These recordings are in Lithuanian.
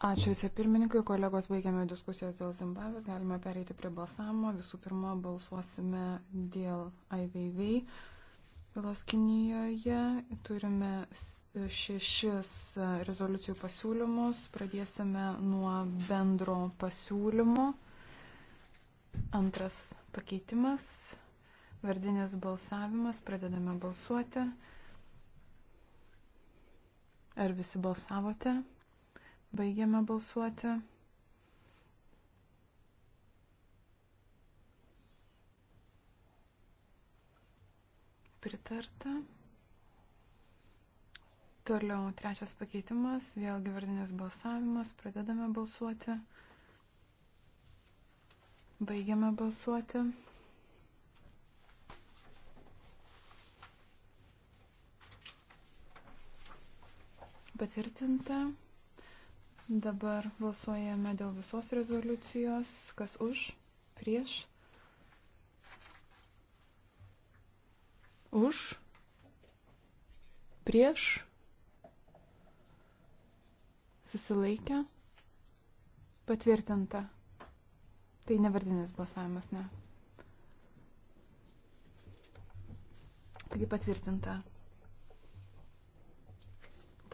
Ačiū visi pirmininkai, kolegos, baigiame diskusijas dėl Zimbabvės, galime pereiti prie balsavimo. Visų pirma, balsuosime dėl IVV bylos Kinijoje. Turime šešis rezoliucijų pasiūlymus. Pradėsime nuo bendro pasiūlymo. Antras pakeitimas. Vardinės balsavimas. Pradedame balsuoti. Ar visi balsavote? Baigiame balsuoti. Pritarta. Toliau trečias pakeitimas, vėlgi vardinės balsavimas, pradedame balsuoti. Baigiame balsuoti. Patvirtinta. Dabar balsuojame dėl visos rezoliucijos. Kas už? Prieš? Už? Prieš? Susilaikę? Patvirtinta. Tai nevardinis balsavimas, ne. Taigi patvirtinta.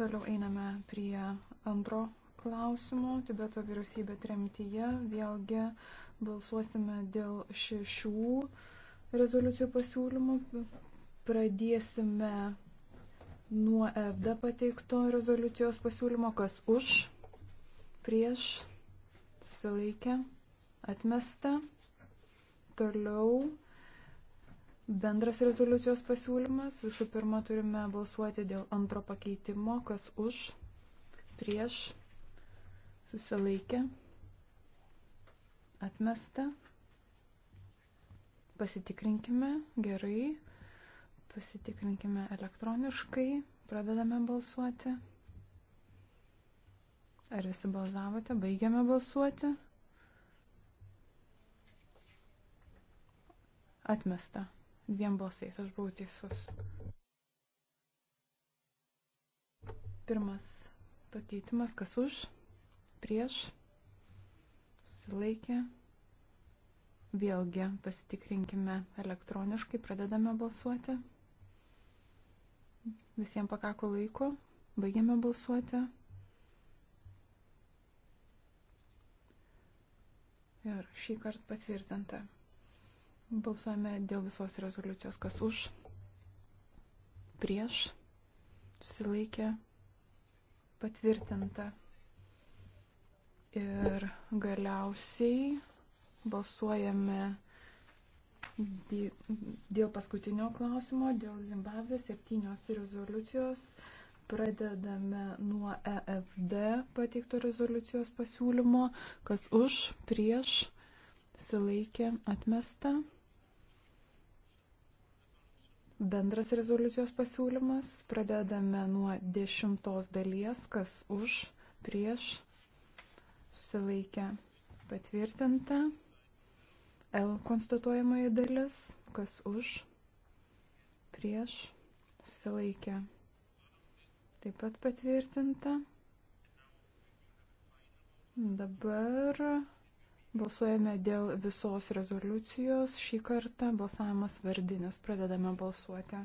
Toliau einame prie antro klausimų. Tibeto vyriausybė tremtyje. Vėlgi balsuosime dėl šešių rezoliucijų pasiūlymų. Pradėsime nuo FD pateikto rezoliucijos pasiūlymo, kas už, prieš, susilaikė, atmesta. Toliau bendras rezoliucijos pasiūlymas. Visų pirma, turime balsuoti dėl antro pakeitimo, kas už, prieš, susilaikė, atmesta. Pasitikrinkime gerai, pasitikrinkime elektroniškai, pradedame balsuoti. Ar visi balsavote, baigiame balsuoti. Atmesta. Dviem balsais aš buvau teisus. Pirmas pakeitimas, kas už? prieš, susilaikė. Vėlgi pasitikrinkime elektroniškai, pradedame balsuoti. Visiems pakako laiko, baigiame balsuoti. Ir šį kartą patvirtinta. Balsuojame dėl visos rezoliucijos, kas už, prieš, susilaikė, patvirtinta. Ir galiausiai balsuojame dėl paskutinio klausimo, dėl Zimbabvės septynios rezoliucijos. Pradedame nuo EFD pateikto rezoliucijos pasiūlymo, kas už, prieš, silaikė, atmesta. Bendras rezoliucijos pasiūlymas. Pradedame nuo dešimtos dalies, kas už, prieš, susilaikė patvirtinta. L konstatuojamoji dalis, kas už, prieš, susilaikė taip pat patvirtinta. Dabar balsuojame dėl visos rezoliucijos. Šį kartą balsavimas vardinis. Pradedame balsuoti.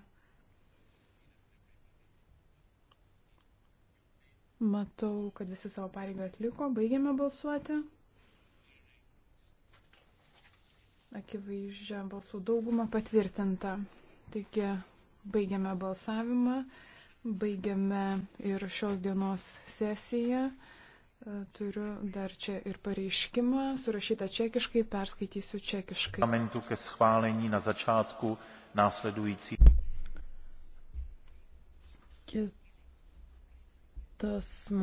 Matau, kad visi savo pareigą atliko. Baigėme balsuoti. Akivaizdžia balsų dauguma patvirtinta. Taigi baigėme balsavimą, baigėme ir šios dienos sesiją. E, turiu dar čia ir pareiškimą, surašytą čekiškai, perskaitysiu čekiškai. Kit tas mūsų